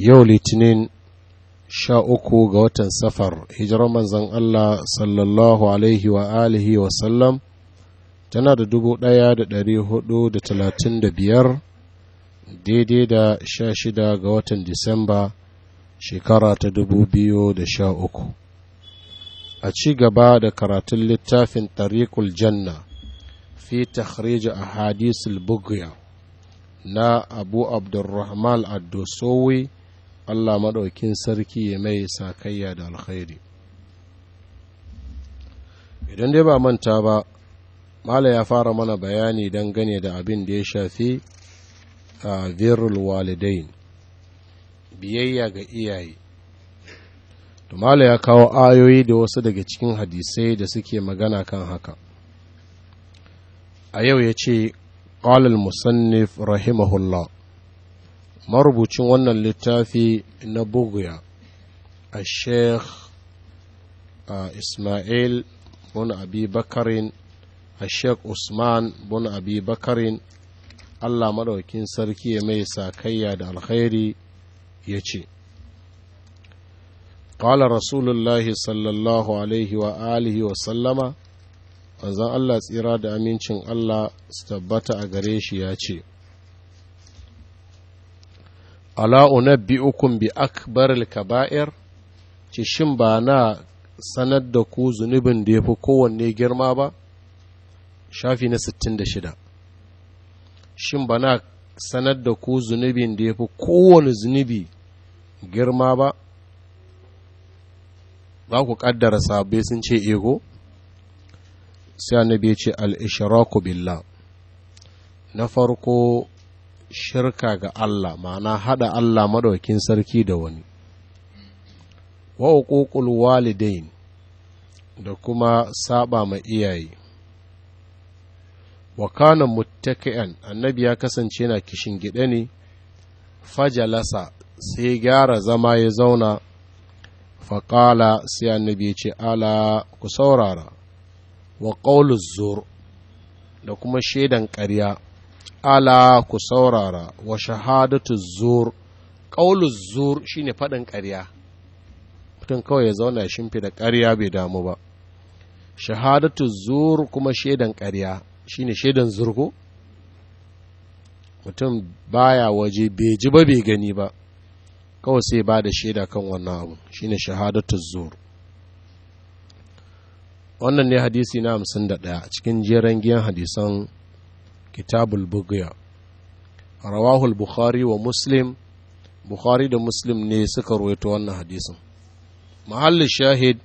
yau litinin sha uku ga watan safar hijirar manzan Allah sallallahu alaihi wa alihi wa sallam tana da dubu ɗaya da ɗari hudu da talatin da biyar daidai da sha shida ga watan disamba shekara ta dubu biyu da sha uku a ci gaba da karatun littafin tariqul janna fi takhrij ahadith bugya na abu abdurrahman ad Allah maɗaukin sarki ya mai sakayya da alkhairi idan dai ba manta ba mala ya fara mana bayani don gane da abin da ya shafi a virul walidain biyayya ga iyaye to mala ya kawo ayoyi da wasu daga cikin hadisai da suke magana kan haka a yau ya ce ƙalil musannif rahimahullah marubucin wannan littafi na buguya a sheikh ismail bin abi bakarin a sheikh usman bin abi bakarin allah maɗaukin sarki ya mai sakayya da alkhairi ya ce قال رسول الله صلى الله عليه وآله وسلم manzon Allah tsira da amincin Allah su tabbata a gare shi ya ce ala unabbi'ukum bi akbaril kaba'ir ce shin ba na sanar da ku zunubin da ya fi kowanne girma ba shafi na 66 shin ba na sanar da ku zunubin da ya fi kowane zunubi girma ba za ku kaddara sabai sun ce ego eh sai annabi ya ce al-ishraku billah na farko shirka ga Allah ma'ana hada Allah madaukin sarki da wani wa hukukul walidain da kuma saba ma iyaye wa kana muttaki'an annabi ya kasance yana kishin gida ne fajalasa sai gyara zama ya zauna faƙala sai annabi ya ce ala ku saurara wa ƙaulus zur da kuma shaidan ƙarya ala ku saurara wa shahadatu zur ƙaulu zur shine faɗin ƙarya mutum kawai ya zauna ya shimfi da ƙarya bai damu ba shahadatu zur kuma shaidan ƙarya shine shaidan zurgo mutum baya waje bai ji ba bai gani ba kawai sai ba da shaida kan wannan abu shine shahadatu zur wannan ne hadisi na 51 da ɗaya cikin jeren giyan hadisan kitabul bugiya rawahul bukhari bukhari da muslim ne suka ta wannan hadisin Muhallin shahid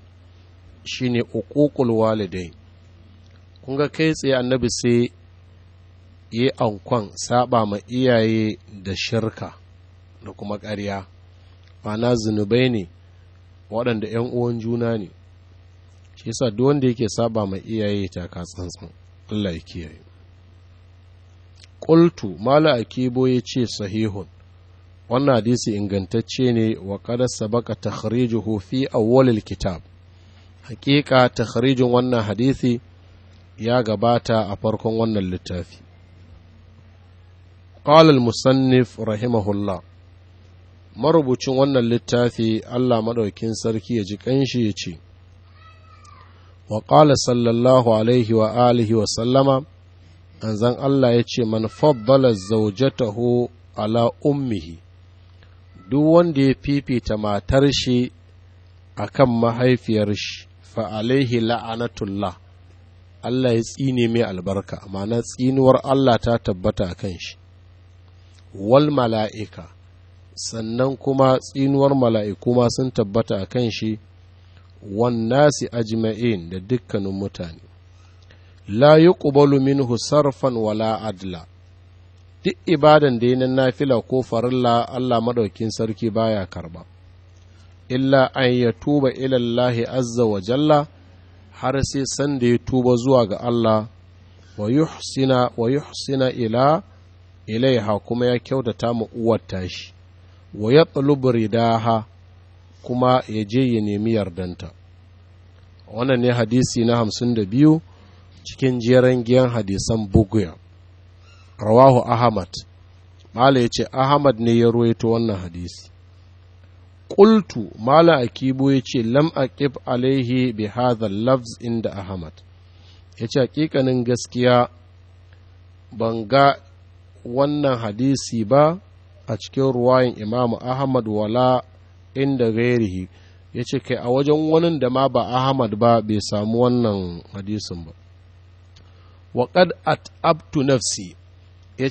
shine uququl walidai kun ga kai tsaye annabi sai yi ankon saba ma iyaye da shirka da kuma ƙarya na zunubai ne waɗanda 'yan uwan juna ne shi yasa duk wanda yake saba ma iyaye taka tsantsan Allah ya kiyaye ƙultu mala akibo ya ce sahihun wannan hadisi ingantacce ne wa kada sabaka takhrijuhu fi awwalil kitab hakika takhrijin wannan hadisi ya gabata a farkon wannan littafi قال المصنف رحمه الله marubucin wannan littafi Allah maɗaukin sarki ya ji ƙanshi ya ce, Wa ƙala sallallahu alaihi wa alihi wa sallama, manzan Allah ya ce man faddala zaujatahu ala ummihi duk wanda ya fifita matar shi akan mahaifiyar shi fa alaihi la'anatullah Allah ya tsine mai albarka ma'ana tsinuwar Allah ta tabbata kan shi wal mala'ika sannan kuma tsinuwar mala'iku ma sun tabbata a kan shi wannasi ajma'in da dukkanin mutane la yuqbalu minhu sarfan wala adla duk ibadan da na nafila ko farilla Allah madaukin sarki baya karɓa. illa an ya tuba ilallahi azza wa jalla har sai sanda ya tuba zuwa ga Allah wa yuhsina wa yuhsina ila ilaiha kuma ya kyautata mu uwar shi, wa ya ridaha kuma ya je ya nemi yardanta wannan ne hadisi na hamsin da biyu cikin jeren giyan hadisan buguya rawahu ahmad mala ya ce ahmad ne ya ruwaito wannan hadisi ƙultu mala akibo ya ce lam aqib alaihi bi hadha lafz inda ahmad ya ce hakikanin gaskiya ban ga wannan hadisi ba a cikin ruwayin imamu ahmad wala inda gairihi ya ce kai a wajen wani da ma ba ahmad ba bai samu wannan hadisin ba wa At at'abtu nafsi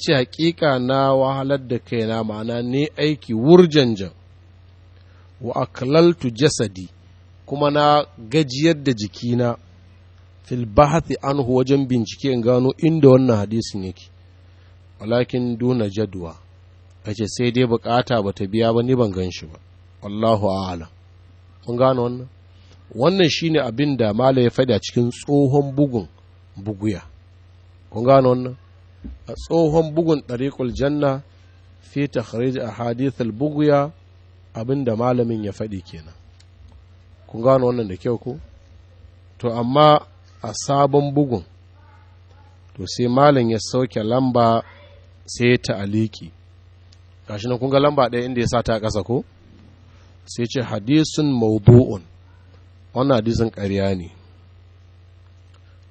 ce hakika na wahalar da kaina ma'ana ne aiki wurjanjan wa aklaltu jasadi kuma na gajiyar da jikina fil bahthi anhu wajen bincike in gano inda wannan hadisin yake walakin duna jadwa ce sai dai bukata bata biya ba ni ban gan shi ba wallahu a'lam mun gano wannan wannan shine abin da malai ya fada cikin tsohon bugun buguya kun gano wannan a tsohon bugun ɗariƙul janna fi takhrij a hadithul buguya abinda malamin ya faɗi kenan kun gano wannan da kyau ko to amma a sabon bugun to sai malam ya sauke lamba sai ya ta'aliki gashi nan kun ga lamba ɗaya inda ya sa ta ƙasa ko sai ce hadisun mawdu'un wannan hadisin ƙarya ne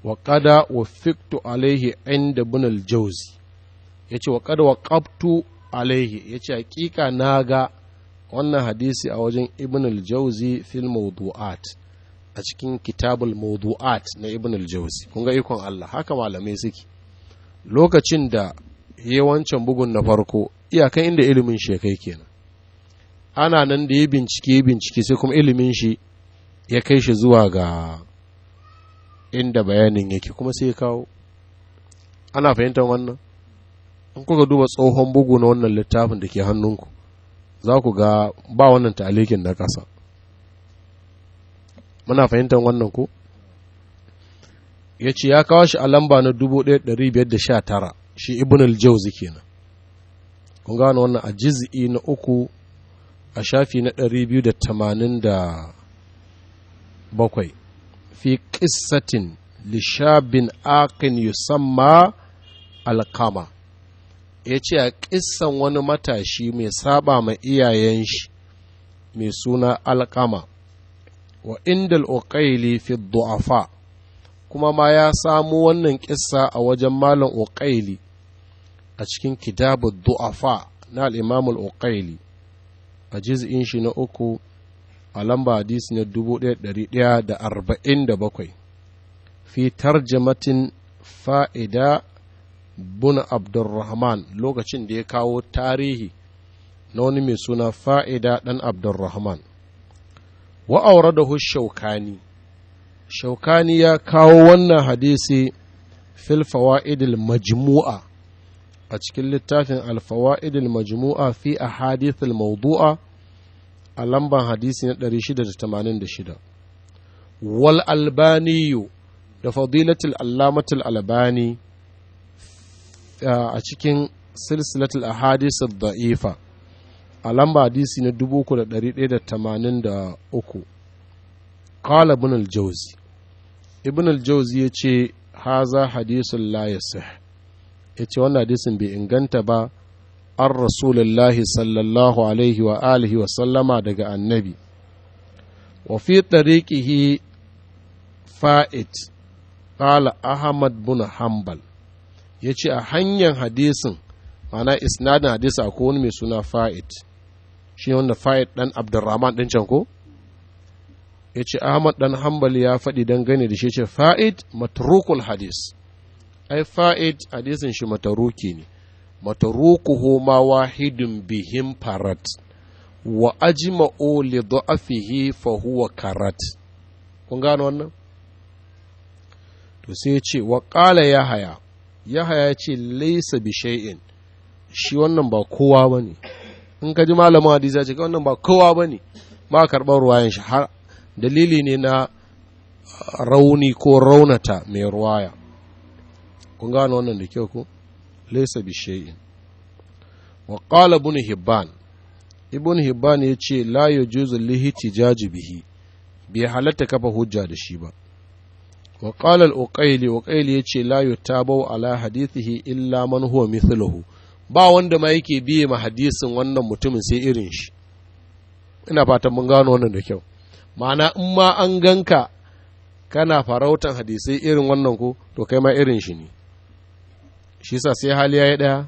wa kada wa fiktu alaihi inda bunal jauzi ya ce wa kada wa ƙabtu alaihi ya ce hakika na ga wannan hadisi a wajen ibn al-jauzi fil mawdu'at a cikin kitabul mawdu'at na ibnul al Kunga kun ga ikon Allah haka malamai suke lokacin da ya wancan bugun na farko iyakan inda ilimin shi kai kenan ana nan da ya bincike bincike sai kuma ilimin shi ya kai shi zuwa ga inda bayanin yake kuma sai kawo ana fahimtar wannan in kuka duba tsohon bugu na wannan littafin da ke hannunku za ku ga ba wannan talikin na ƙasa muna fahimtar wannan ku ya ce ya kawo shi a lamba na 1519 shi ibn al-jauzi kenan kun gano wannan a jiz'i na uku a shafi na 287 fi ƙissatin lishabin akin yusamma alkama yace a ƙissan wani matashi mai saba ma iyayen shi mai suna alkama wa inda uqaili fi du'afa kuma ma ya samu wannan ƙissa a wajen malam uqaili a cikin kitabu du'afa na al'imamul uqaili a jiz'in shi na uku a lamba hadisi na bakwai fi tarjamatin fa'ida buna abdurrahman lokacin da ya kawo tarihi na wani mai suna fa'ida ɗan abdurrahman wa'aura da shaukani shaukani ya kawo wannan hadisi fil fawa'idil majmu'a a cikin littafin alfawa'idil majmu'a fi a hadithul maudu'a a lamban hadisi na 686 wal albaniyu da fadilatul allamatul albani a cikin silsilatul hadisar da'ifa a lamban hadisi na 3183 kala ibn al-jawzi ibn al-jawzi ha haza hadisun la ya ce wannan hadisin bai inganta ba an rasulullahi sallallahu alaihi wa alihi wa sallama daga annabi wa fi tariqihi fa'id qala ahmad bin hanbal yace a hanyar hadisin ma'ana isnadin hadisi akwai wani mai suna fa'id shi wanda fa'id dan abdurrahman din can ko yace ahmad dan hanbal ya faɗi dan gane da shi yace fa'id matrukul hadis ai fa'id hadisin shi mataruki ne matarukuhu ma wahidun bihim farat wa ajma'u li da'afihi fa huwa karat kun gano wannan to sai ce wa qala yahaya yahaya ya ce laisa bi shi wannan ba kowa ne in ka ji malamin hadiza ya ce wannan ba kowa ne ba karɓar ruwayan shi har dalili ne na rauni ko raunata mai ruwaya kun gano wannan da kyau ko laisa bi shay'in wa qala ibn hibban ibn hibban yace la yajuzu lihtijaji bihi bai halatta kafa hujja da shi ba wa qala al-uqayli uqayli yace la yutabu ala hadithihi illa man huwa mithluhu ba wanda ma yake biye ma hadisin wannan mutumin sai irin shi ina fatan mun gano wannan da kyau ma'ana in ma an ganka kana farautan hadisai irin wannan ko to kai ma irin shi ne shi sa sai hali ya yi ɗaya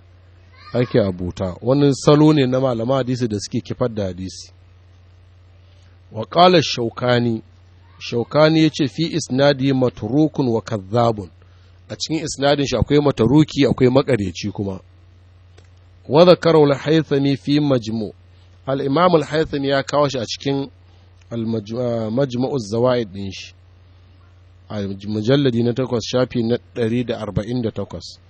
ake abuta Wani salo ne na malama hadisi da suke kifar da hadisi wa ƙala shaukani shaukani ya ce fi isnadi maturukun wa kazzabun a cikin isnadin shi akwai mataruki akwai makareci kuma wadda zakara al-haythami fi majmu al-imam ya kawo shi a cikin majmu'uz zawaid din shi a mujalladi na takwas shafi na 148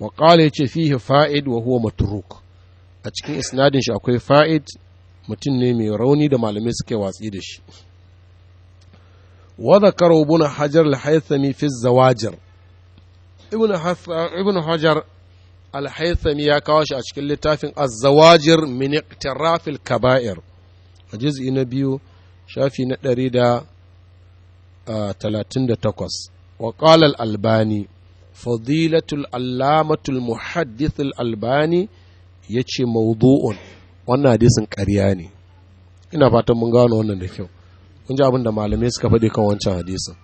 wa ya yace fihi fa'id wa huwa matruk a cikin isnadin shi akwai fa'id mutum ne mai rauni da malamai suke watsi da shi wa zakara ibn hajar al fi ibn hajar al ya kawo shi a cikin littafin az-zawajir min iqtiraf kabair a juz'i na biyu shafi na ɗari da ah, talatin da takwas albani fadilatul allamatul muhaddithul albani ya ce maudu'un wannan hadisin ƙarya ne ina fatan mun gano wannan da kyau kun ji abin da malamai suka faɗi kan wancan hadisin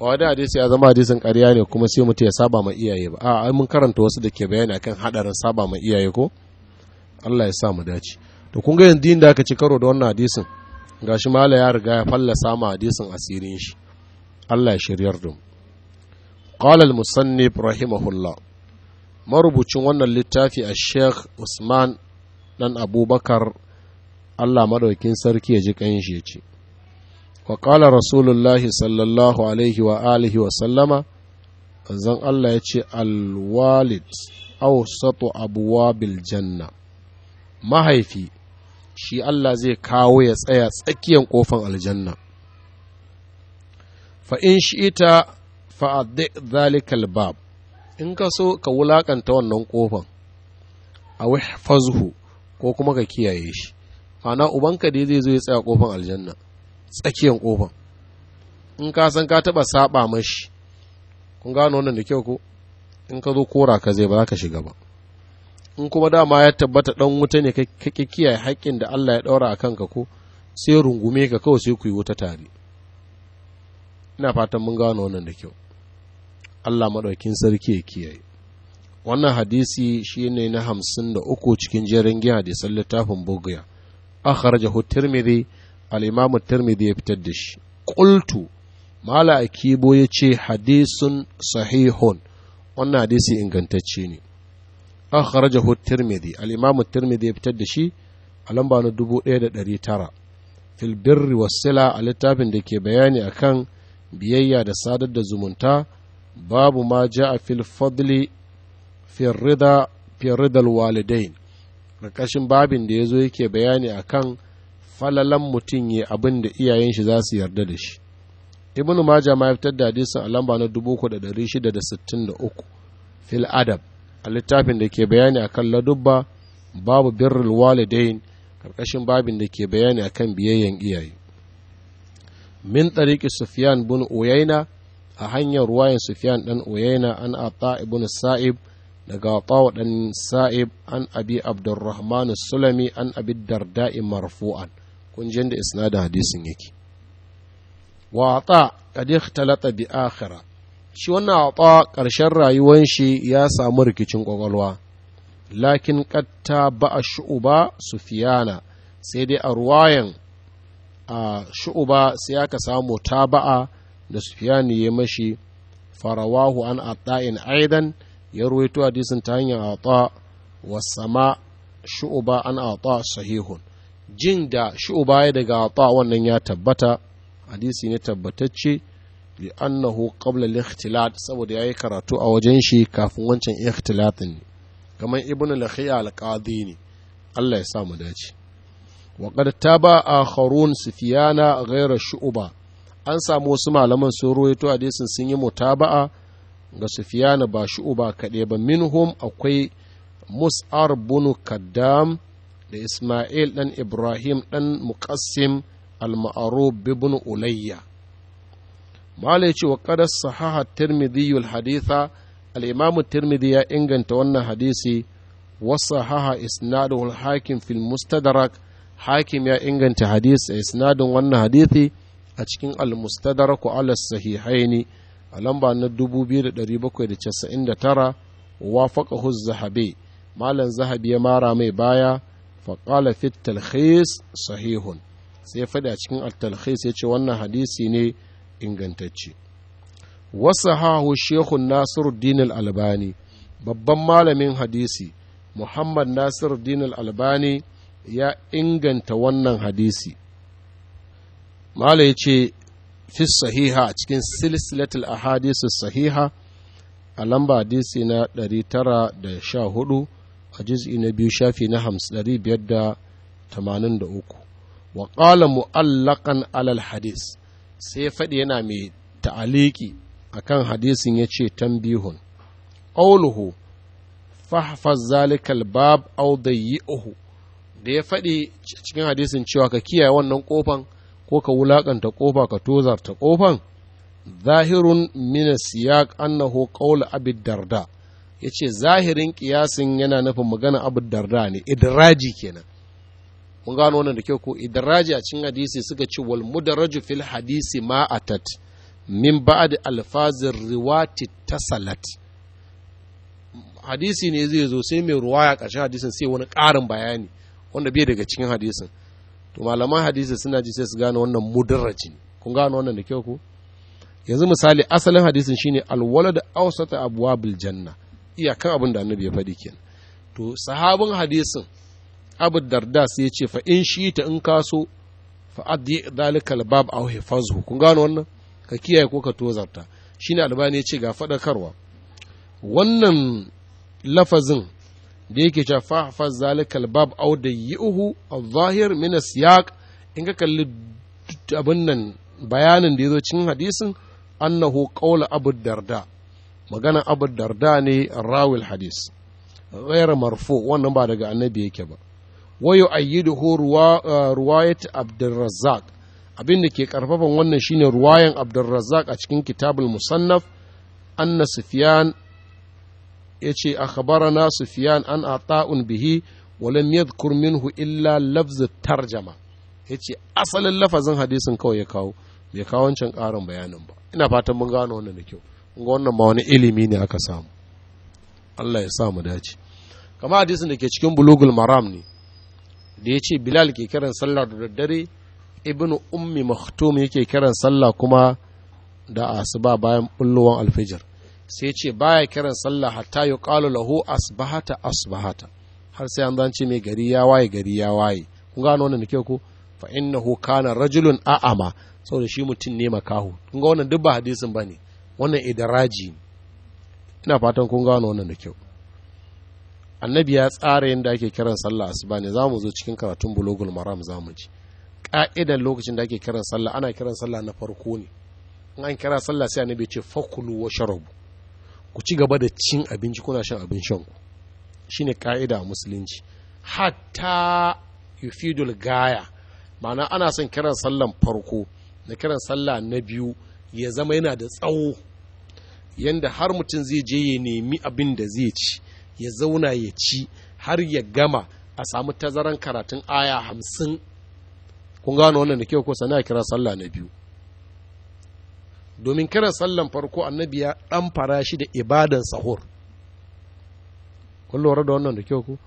ba wani hadisi ya zama hadisin ƙarya ne kuma sai mutum ya saba ma iyaye ba a'a mun karanta wasu da ke bayani akan haɗarin saba ma iyaye ko Allah ya sa mu dace to kun ga yanzu da aka ci karo da wannan hadisin gashi mala ya riga ya fallasa ma hadisin asirin shi Allah ya shiryar da mu قال المصنف رحمه الله marubucin wannan littafi a sheikh usman dan abubakar allah maɗaukin sarki ya ji ƙanshi ya ce wa ƙala rasulullahi sallallahu alaihi wa alihi wa sallama zan allah ya ce alwalid awsatu abwabil janna mahaifi shi allah zai kawo ya tsaya tsakiyar ƙofan aljanna fa in shi'ita fa'addi zalikal bab in ka so ka wulakanta wannan kofan a fazhu ko kuma ka kiyaye shi ana ubanka dai zai zo ya tsaya kofan aljanna tsakiyan kofan in ka san ka taba saba mashi kun gano wannan da kyau ko in ka zo kora ka zai ba za ka shiga ba in kuma dama ya tabbata dan wuta ne ka kiyaye haƙƙin da Allah ya daura a kanka ko sai rungume ka kawai sai ku yi wuta tare ina fatan mun gano wannan da kyau Allah maɗaukin sarki ya kiyaye wannan hadisi shine na hamsin da uku cikin jerin giya hadisan littafin bugiya akhrajahu tirmidhi al-imam tirmidhi ya fitar da shi qultu mala akibo yace hadisun sahihun wannan hadisi ingantacce ne akhrajahu tirmidhi al-imam tirmidhi ya fitar da shi a lamba na 1900 fil birri was sila a littafin da ke bayani akan biyayya da sadar da zumunta babu ma ja a fil fadli firrida firridal walidain ƙarƙashin babin da ya zo yake bayani a kan falalan mutum ya abin da iyayen shi za su yarda da shi ibn maja ma ya fitar da hadisin a lamba na 4663 fil adab a littafin da ke bayani a kan ladubba babu birrul walidain ƙarƙashin babin da ke bayani a kan biyayyen iyaye min tsariki sufyan bin uyaina a hanyar ruwayan sufiyan ɗan Uyaina an Ata ibn Sa'ib daga Atawa ɗan Sa'ib an Abi Abdurrahman Sulami an Abi Darda'i marfu'an kun jin da isnadin hadisin yake wa Ata qad ikhtalata bi akhira shi wannan Ata ƙarshen rayuwar shi ya samu rikicin kwakwalwa lakin ƙatta ba shu'uba Sufyana sai dai a ruwayan a shu'uba sai aka samu taba'a da sufiyani ya mashi farawahu an ata'in aidan ya ruwaito hadisin ta hanyar ata wa sama shu'uba an ata sahihun jin da shu'uba ya daga ata wannan ya tabbata hadisi ne tabbatacce li'annahu qabla al-ikhtilat saboda yayi karatu a wajen shi kafin wancan ikhtilatin ne kamar ibn al-khiya al-qadi ne Allah ya sa mu dace wa qad taba akharun sufyana ghayra shu'ba an samu wasu malaman sun ruwaito hadisin sun yi mutaba'a ga sufiyana ba shi ba kaɗai ba minhum akwai mus'ar bunu kaddam da isma'il ɗan ibrahim ɗan muƙassim alma'ru maaruf ulayya mala ya ce wa kada sahaha tirmidhi haditha al-imamu tirmidhi ya inganta wannan hadisi sahaha isnadu hakim fil mustadrak hakim ya inganta hadisi isnadin wannan hadisi a cikin almustadar mustadraku ala sahihaini a lamba na 2799 wafaqahu az-zahabi malam zahabi ya mara mai baya faƙala fit talhis sahihun sai faɗi a cikin al-talhis ya ce wannan hadisi ne ingantacce wasu hahu shehun nasiruddin al-albani babban malamin hadisi muhammad nasiruddin al-albani ya inganta wannan hadisi mala ya ce fi sahiha a cikin silsilatul ahadisu sahiha a lamba hadisi na 914 a juz'i na biyu shafi na 583 wa qala mu'allaqan alal hadis sai faɗi yana mai ta'aliki akan hadisin ya ce tambihun ƙauluhu fahfaz zalikal bab au dayyi'uhu da ya faɗi cikin hadisin cewa ka kiyaye wannan ƙofan ko ka wulaƙanta ƙofa ka tozarta ƙofan zahirun mina siyak annahu qawlu abin darda yace zahirin kiyasin yana nufin magana abin darda ne idraji kenan mun gano wannan da kyau ko idraji a cikin hadisi suka ce wal raju fil hadisi ma atat min ba'd alfazir riwati tasalat hadisi ne zai zo sai mai ruwa ruwaya ƙarshen hadisin sai wani ƙarin bayani wanda bai daga cikin hadisin to malaman hadisi suna ji sai su gane wannan mudarraci kun gane wannan da kyau ku yanzu misali asalin hadisin shine alwalad awsata abwabil janna iyakan abin da annabi ya faɗi kenan to sahabin hadisin abu darda sai ya ce fa in shi ta in kaso fa addi dalikal bab aw hifazhu kun gano wannan ka kiyaye ko ka tozarta shine albani ya ce ga faɗakarwa wannan lafazin da yake cewa fahfaz zalikal bab aw dayyuhu adh-zahir min as-siyaq in ka kalli abin nan bayanin da yazo cikin hadisin annahu qawla abu darda magana abu darda ne rawil hadis ghayr marfu wannan ba daga annabi yake ba wa yu'ayyiduhu uh, ruwayat abdurrazzaq abin da ke karfafan wannan shine ruwayan abdurrazzaq a cikin kitabul musannaf anna sufyan ya ce akhbarana sufyan an ata'un bihi walam yadhkur minhu illa lafz tarjama ya ce asalin lafazin hadisin kawai ya kawo bai kawo wancan ƙarin bayanin ba ina fatan mun gano wannan da kyau ga wannan ma wani ilimi ne aka samu Allah ya sa dace kamar hadisin da ke cikin bulugul maram ne da ya ce bilal ke kiran sallah da daddare ibnu ummi maktum yake kiran sallah kuma da asuba bayan bullowan alfijir sai ce baya kiran sallah hatta ya ƙalo lahu asbahata asbahata har sai an zance mai gari ya waye gari ya waye kun gano wannan kyau ko fa innahu kana rajulun a'ama saboda shi mutum ne makahu kun ga wannan duk ba hadisin bane wannan idaraji ina fatan kun gano wannan da kyau annabi ya tsara yadda ake kiran sallah asuba ne za mu zo cikin karatun bulogul maram za mu ji ƙa'idar lokacin da ake kiran sallah ana kiran sallah na farko ne in an kira sallah sai annabi ce fakulu wa sharabu ku ci gaba da cin abinci kuna shan abin shan ku shine ka'ida a musulunci hatta yufidul gaya ma'ana ana son kiran sallan farko da kiran sallah na biyu ya zama yana da tsawo yanda har mutum zai je ya nemi abin da zai ci ya zauna ya ci har ya gama a samu tazaran karatun aya hamsin kun gano wannan da kyau ko sana kiran sallah na biyu domin kiran sallan farko annabi ya dan fara shi da ibadan sahur kun lura da wannan da kyau ku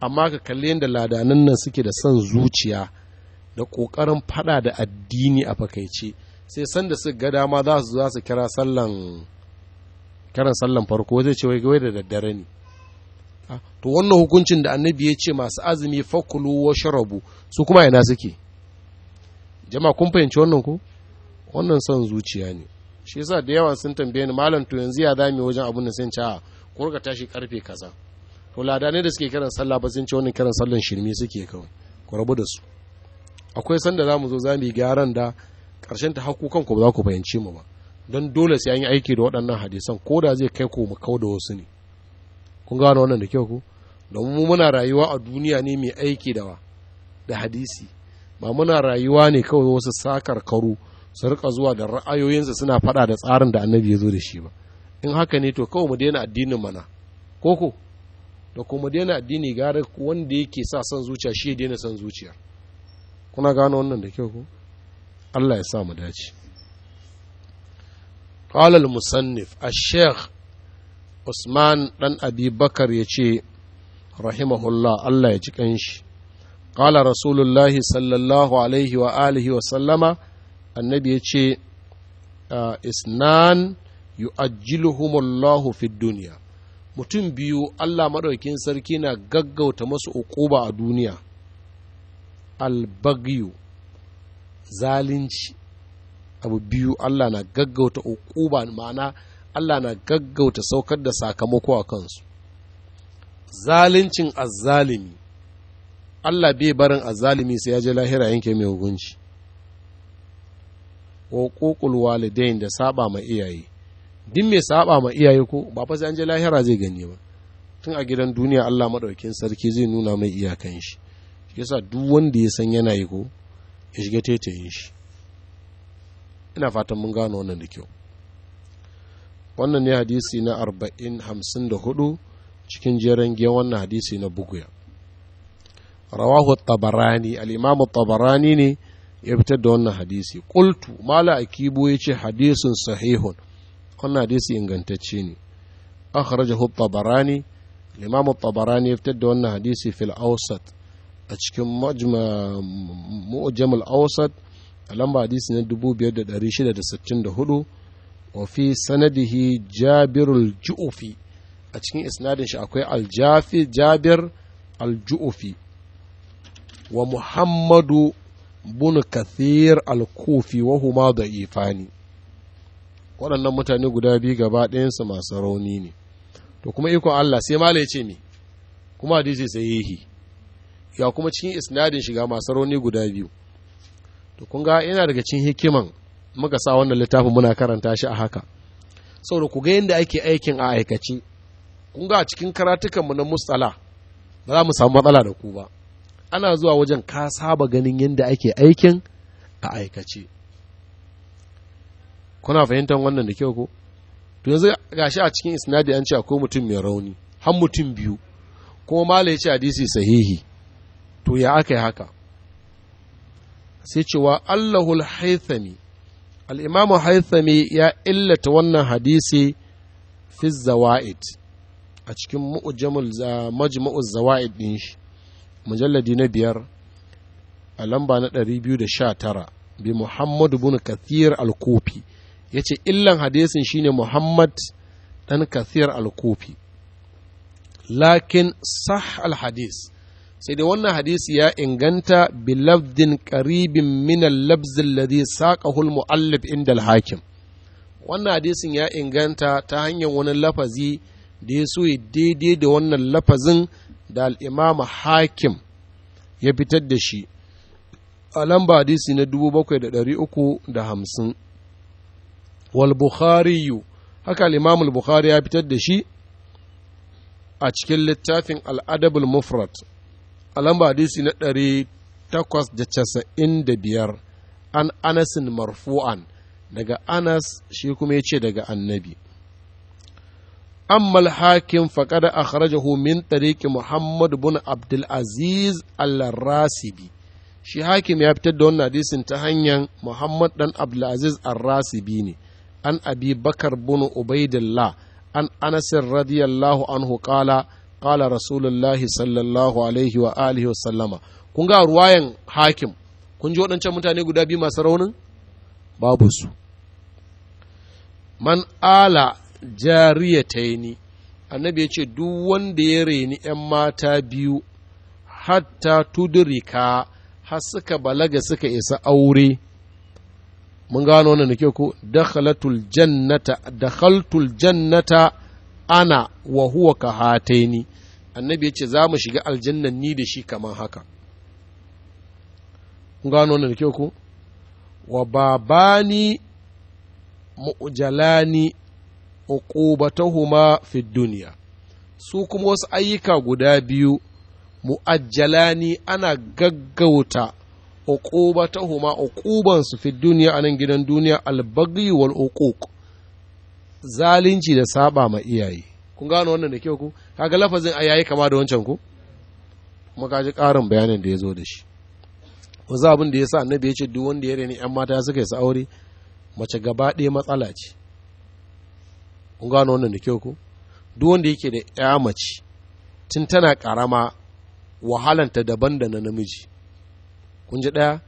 amma ka kalli yadda ladanan nan suke da son zuciya da ƙoƙarin fada da addini a fakaice sai san da su ga dama za su za su kira sallan kiran sallan farko zai ce wai da daddare ne ah, to wannan hukuncin da annabi ya ce masu azumi fakulu wa sharabu su kuma ina suke jama'a kun fahimci wannan ko wannan son zuciya ne shi yasa da yawan sun tambaye ni malam to yanzu ya zami wajen abun nan sai ce a ko ka tashi karfe kaza to ladane da suke kiran sallah ba sun ce wannan kiran sallan shirme suke kawai ku rabu da su akwai sanda za mu zo za mu yi gyaran da ƙarshen ta haku kanku ba za ku fahimci mu ba don dole sai an yi aiki da waɗannan hadisan ko da zai kai ku mu kau da wasu ne kun gano wannan da kyau ku domin mu muna rayuwa a duniya ne mai aiki da wa da hadisi ba muna rayuwa ne kawai wasu sakar karu su rika zuwa da ra'ayoyinsa suna faɗa da tsarin da annabi ya zo da shi ba in haka ne to kawai mu daina addinin mana koko da kuma daina addini gara wanda yake sa son zuciya shi ya daina son zuciya kuna gano wannan da kyau ko Allah ya sa mu dace قال المصنف الشيخ عثمان بن أبي بكر يشي رحمه الله الله kanshi قال رسول الله صلى الله عليه wa وسلم annabi ya ce ah, isnan yu'ajjiluhumullahu fid duniya mutum biyu Allah maɗaukin sarki na gaggauta masu uquba a duniya albagyu zalunci abu biyu Allah na gaggauta uquba ma'ana Allah na gaggauta saukar da sakamako a kansu zaluncin azzalimi Allah bai barin azzalimi sai ya je lahira yanke mai hukunci ko hukukul walidain da saba ma iyaye din mai saba ma iyaye ko ba fa sai an je lahira zai gani ba tun a gidan duniya Allah maɗaukin sarki zai nuna mai iyakan shi shi yasa duk wanda ya san yana yi ko ya shiga tetayin shi ina fatan mun gano wannan da kyau wannan ne hadisi na arba'in hamsin da hudu cikin jeren giyan wannan hadisi na buguya rawahu tabarani al'imamu tabarani ne ya fitar da wannan hadisi ƙultu mala ya ce hadisin sahihun wannan hadisi ingantacce ne akhrajahu at-tabarani limamu tabarani ya fitar da wannan hadisi fil ausat a cikin mu'jam ausat a lamba hadisi na 5664 wa fi sanadihi jabirul ju'ufi a cikin isnadin shi akwai aljafi jabir alju'ufi wa muhammadu bunu kathir al-kufi wa huma da ifani waɗannan mutane guda biyu gaba ɗayansu masu rauni ne to kuma ikon Allah sai mala ya ce me kuma hadisi sahihi ya kuma cikin isnadin shiga masu rauni guda biyu to kun ga yana daga cikin hikiman muka sa wannan littafin muna karanta shi a haka saboda ku ga yadda ake aikin a aikace kun ga a cikin mu na mustala ba za mu samu matsala da ku ba ana zuwa wajen ka saba ganin yadda ake aikin a aikace kuna fahimtar wannan da kyau ko to yanzu gashi a cikin isnadi an ce akwai mutum mai rauni har mutum biyu kuma mala ya ce hadisi sahihi to ya aka yi haka sai cewa allahul haithami al'imamu haithami ya illata wannan hadisi fi zawa'id a cikin majmu'uz zawa'id din shi mujalladi na biyar a lamba na tara, bi muhammadu bin kathir al-kufi ya ce illan hadisin shine muhammad ɗan kathir al lakin sah alhadis sai da wannan hadisi ya inganta bi lafdin karibin min al-labzin ladhi saƙa hulmu allif inda al-hakim wannan hadisin ya inganta ta hanyar wani lafazi da ya so daidai da wannan lafazin da al'imama hakim ya fitar da shi a lamba hadisi na 7,350 wal bukhariyu haka al'imamul bukhari ya fitar da shi a cikin littafin al'adabul Mufrat a lamba hadisi na biyar an anasin marfu'an daga anas shi kuma ya ce daga annabi ammal hakim faƙada a kharajahu min tariki muhammad bin abdul aziz al-rasibi shi hakim ya fitar da wannan hadisin ta hanyar muhammad dan abdul aziz al-rasibi ne an Abibakar bakar bin ubaidillah an anasin radiyallahu anhu qala qala rasulullahi sallallahu alaihi wa kun hakim kun ji waɗancan mutane guda biyu masu raunin babu su man ala jariyataini annabi ya ce duk wanda ya reni ‘yan mata biyu hatta tudurika har suka balaga suka isa aure mun gano wannan da ko dakhalatul jannata dakhaltul jannata ana wa huwa hataini annabi ya ce za mu shiga aljannan ni da shi kamar haka mun gano wannan da ko wa babani mu'jalani uqubatahuma fid duniya su kuma wasu ayyuka guda biyu mu'ajjalani ana gaggauta uqubatahuma uqubansu fid a nan gidan duniya albaghi wal uquq zalunci da saba ma iyaye kun gano wannan da kyau ku kaga lafazin a yayi kama da wancan ku kuma kaji ƙarin bayanin da ya zo da shi wanzu abin da ya sa annabi ya ce duk wanda ya rene yan mata suka yi aure mace gaba ɗaya matsala ce kun gano wannan da kyau ko duk wanda yake da ya mace tun tana karama wahalanta daban da na namiji kun ji ɗaya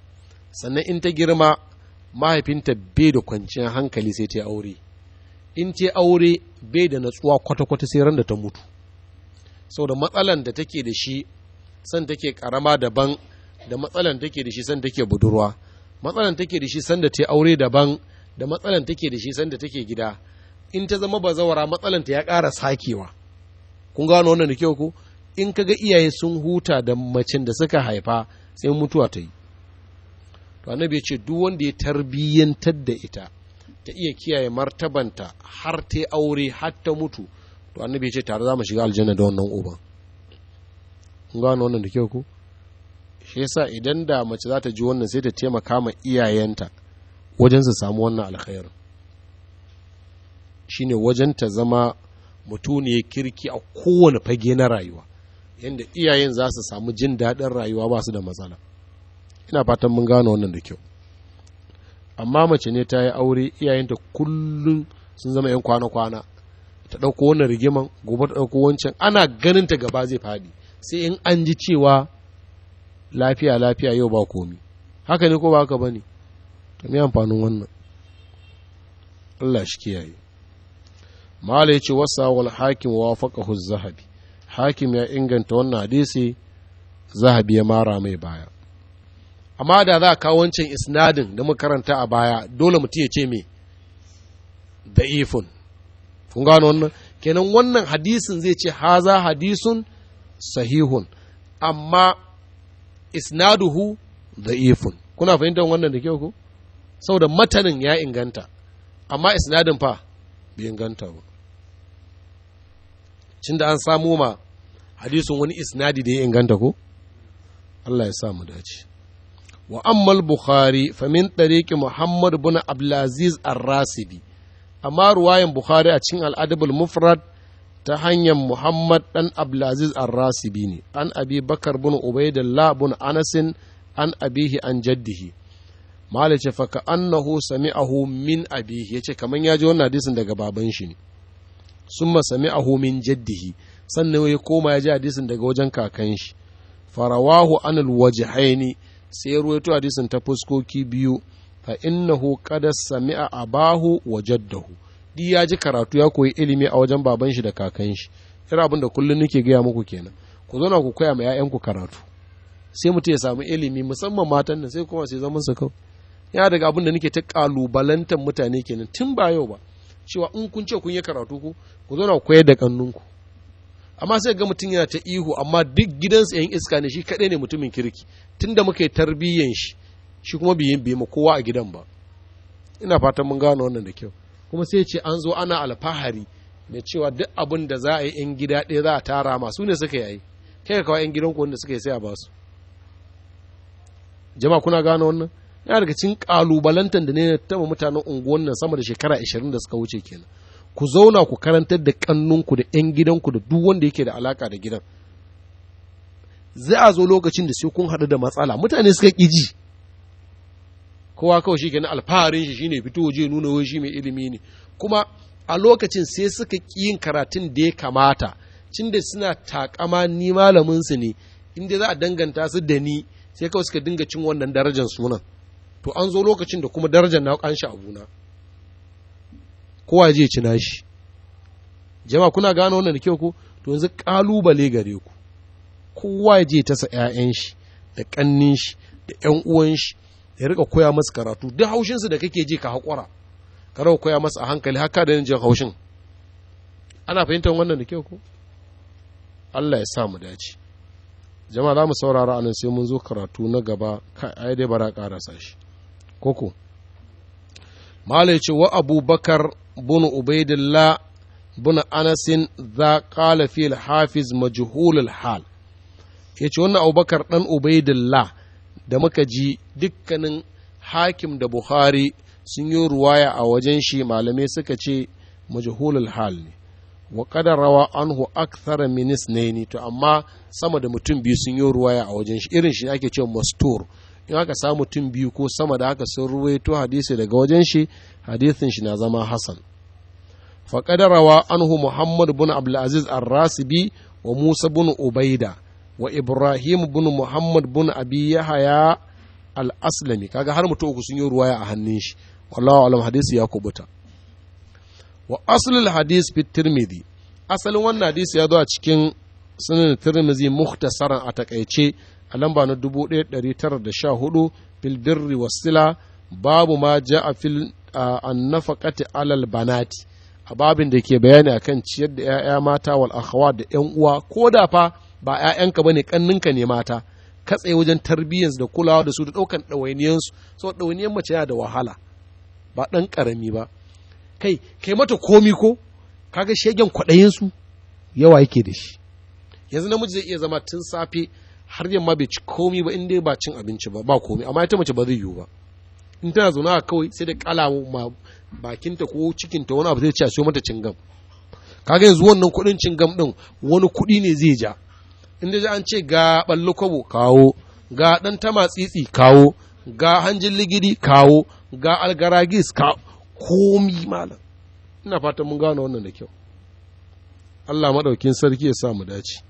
sannan in ta girma mahaifinta bai da kwanciyar hankali sai ta aure in ta aure bai da natsuwa kwata-kwata sai ran da ta mutu saboda matsalan da take da shi san take karama daban da matsalan take da shi san take budurwa matsalan take da shi san da ta aure daban da matsalan take da shi san da take gida in ta zama bazawara matsalanta ya ƙara sakewa kun gano wannan da kyau ko in ka ga iyaye sun huta da macen da suka haifa sai mutuwa ta yi to annabi ya ce duk wanda ya tarbiyyantar da ita ta iya kiyaye martabanta har ta aure har ta mutu to annabi ya ce tare za mu shiga aljanna da wannan uba. kun gano wannan da kyau ko shi yasa idan da mace za ta ji wannan sai ta taimaka ma iyayenta wajen su samu wannan alkhairin shine wajen ta zama mutuniyar kirki a kowane fage na rayuwa yadda iyayen za su samu jin daɗin rayuwa ba su da matsala ina fatan mun gano wannan da kyau amma mace ne ta yi aure iyayenta kullum sun zama 'yan kwana-kwana ta ɗauko wannan rigiman gobe ta ɗauko wancan ana ganin ta gaba zai faɗi sai in an ji cewa lafiya lafiya yau ba komi haka ne ko ba haka ba ne ta mi amfanin wannan Allah shi kiyaye malai ya ce wasa wal hakim wa faƙahu zahabi hakim ya inganta wannan hadisi zahabi ya mara mai baya amma da za a kawo wancan isnadin da muka karanta a baya dole mutum ya ce me da kun gano wannan kenan wannan hadisin zai ce haza hadisun sahihun amma isnaduhu da kuna fahimtar wannan da kyau ko saboda matanin ya inganta amma isnadin fa bai inganta ba cin da an samu ma hadisin wani isnadi da ya inganta ko Allah ya samu dace wa ammal bukhari fa min Muhammadu muhammad ibn abdulaziz ar-rasibi amma ruwayan bukhari a cikin al mufrad ta hanyar muhammad ɗan ablaziz ar ne an abi bakar bin UbaidulLah bin anasin an abihi an jaddihi malice annahu sami annahu sami'ahu min abihi yace kamar ya ji wannan hadisin daga baban shi ne summa a homin jaddihi sannan ya koma ya ji hadisin daga wajen kakan shi farawahu alwaje haini sai ya ruwaito hadisin ta fuskoki biyu fa innahu qad sami'a abahu wa jaddahu di ya ji karatu ya koyi ilimi a wajen baban shi da kakan shi irin abin da kullum nake gaya muku kenan ku zo na ku koya ma ku karatu sai mutum ya samu ilimi musamman matan nan sai kuma sai zaman su kawai ya daga abin da nake ta kalubalantar mutane kenan tun ba yau ba cewa in kun ce kun yi karatu ku ku zo na koyar da kannunku amma sai ga mutum yana ta ihu amma duk gidansa yan iska ne shi kaɗai ne mutumin kirki tunda muke yi tarbiyyan shi shi kuma biyin biye ma kowa a gidan ba ina fatan mun gano wannan da kyau kuma sai ce an zo ana alfahari da cewa duk abin da za a yi yan gida ɗaya za a tara ma su ne suka yi kai ka kawo yan gidanku wanda suka yi sai a basu jama'a kuna gano wannan yana daga cikin kalubalantar da ne taba mutanen unguwan nan sama da shekara 20 da suka wuce kenan ku zauna ku karantar da kannunku da 'yan gidanku da duk wanda yake da alaka da gidan zai a zo lokacin da sai kun haɗu da matsala mutane suka ƙi ji kowa kawai shi kenan alfaharin shi shine fito waje nuna wai shi mai ilimi ne kuma a lokacin sai suka ƙi yin karatun da ya kamata cin suna takama ni malamin su ne inda za a danganta su da ni sai kawai suka dinga cin wannan darajar sunan to an zo lokacin da kuma darajar na kanshi abuna kowa je ci nashi jama'a kuna gano wannan da kyau ko to yanzu kalubale gare ku kowa je tasa ƴaƴan shi da ƙannin shi da ƴan uwan shi ya rika koya masa karatu duk haushinsu da kake je ka haƙura ka rika koya masa a hankali haka da yin jin haushin ana fahimtar wannan da kyau ko Allah ya sa mu dace jama'a za mu saurara anan sai mun zo karatu na gaba kai ai dai bara ƙarasa shi koko malai ce wa abubakar bunu ubaidillah bunu anasin za kala fil hafiz majhulul hal ya ce wannan abubakar dan ubaidillah da muka ji dukkanin hakim da buhari sun yi ruwaya a wajen shi malamai suka ce majhulul hal ne wa rawa anhu akthara minis ne to amma sama da mutum biyu sun yi ruwaya a wajen shi irin shi ake ce mastur in aka samu mutum biyu ko sama da aka sun ruwaito hadisi daga wajen shi hadisin shi na zama hasan faƙadarawa anhu muhammad bin abdulaziz ar-rasibi wa musa bin ubaida wa ibrahim bin muhammad bin abi haya al-aslami kaga har mutum uku sun yi ruwaya a hannun shi wallahu alam hadisi ya kubuta wa aslul hadis fi tirmidhi asalin wannan hadisi ya zo a cikin sunan tirmidhi mukhtasaran a takaice a lamba na 1914 filbirri wasila babu ma ja a fil annafaqati alal banati a babin da ke bayani a kan ciyar da 'ya'ya mata wal akhawa da 'yan uwa ko da fa ba 'ya'yanka ba ne, kanninka ne mata katse wajen tarbiyyar da kulawa da su da ɗaukan su, so ɗawainiyar mace yana da wahala ba ɗan ƙarami ba kai kai mata komi ko kaga shegen su yawa yake da shi yanzu namiji zai iya zama tun safe har yamma bai ci komi ba inda ba cin abinci ba ba komi amma ita mace ba zai yiwu ba in tana zaune a kawai sai da kala ma bakinta ko cikinta wani abu zai ci a siyo mata cingam kaga yanzu wannan kuɗin cingam ɗin wani kuɗi ne zai ja in da an ce ga ɓallo kwabo kawo ga ɗan tama tsitsi kawo ga hanjin ligidi kawo ga algaragis kawo komi malam ina fatan mun gano wannan da kyau Allah maɗaukin sarki ya sa mu dace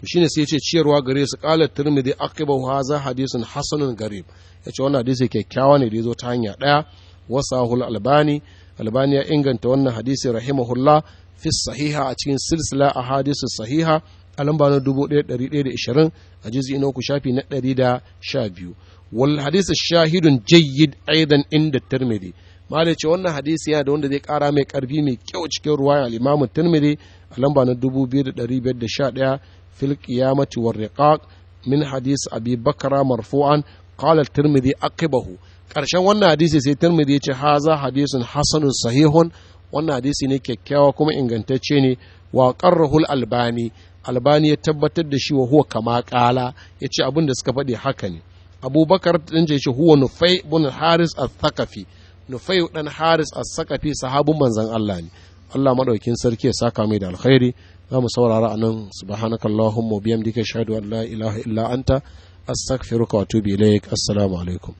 to shine sai yace ciyarwa gare su qala tirmidhi aqibahu hadha hadithun hasanun garib yace wannan hadisi kyakkyawa ne da yazo ta hanya daya wasahul albani albani ya inganta wannan hadisi rahimahullah fi sahiha a cikin silsila a hadisu sahiha a lamba na 1120 a jizi ina uku shafi na 112 wal hadisu shahidun jayyid aidan inda tirmidhi malai ce wannan hadisi yana da wanda zai kara mai karfi mai kyau cikin ruwaya al-imamu tirmidhi a lamba na 2511 fil qiyamati war riqaq min hadis abi bakra marfu'an qala tirmidhi aqibahu karshen wannan hadisi sai tirmidhi yace haza hadisin hasanun sahihun wannan hadisi ne kyakkyawa kuma ingantacce ne wa qarrahu albani albani ya tabbatar da shi wa huwa kama ya ce abin da suka faɗi haka ne abubakar din je shi huwa nufai bin haris a sakafi. nufai dan haris al-thaqafi sahabun manzon Allah ne Allah maɗaukin sarki ya saka mai da alkhairi za mu saurara a nan subhanakallahumma biyamdika shahadu an la ilaha illa anta astaghfiruka wa atubu ilaik assalamu alaikum